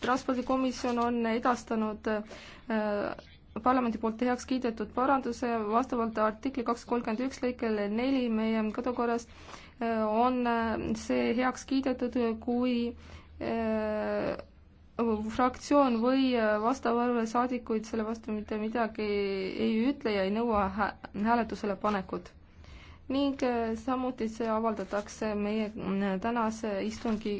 transpordikomisjon on edastanud äh, parlamendi poolt heaks kiidetud paranduse vastavalt artikli kaks kolmkümmend üks lõikele neli meie kodukorras äh, on äh, see heaks kiidetud, kui fraktsioon või vastav arv saadikuid selle vastu mitte midagi ei ütle ja ei nõua hääletusele panekut. ning samuti see avaldatakse meie tänase istungi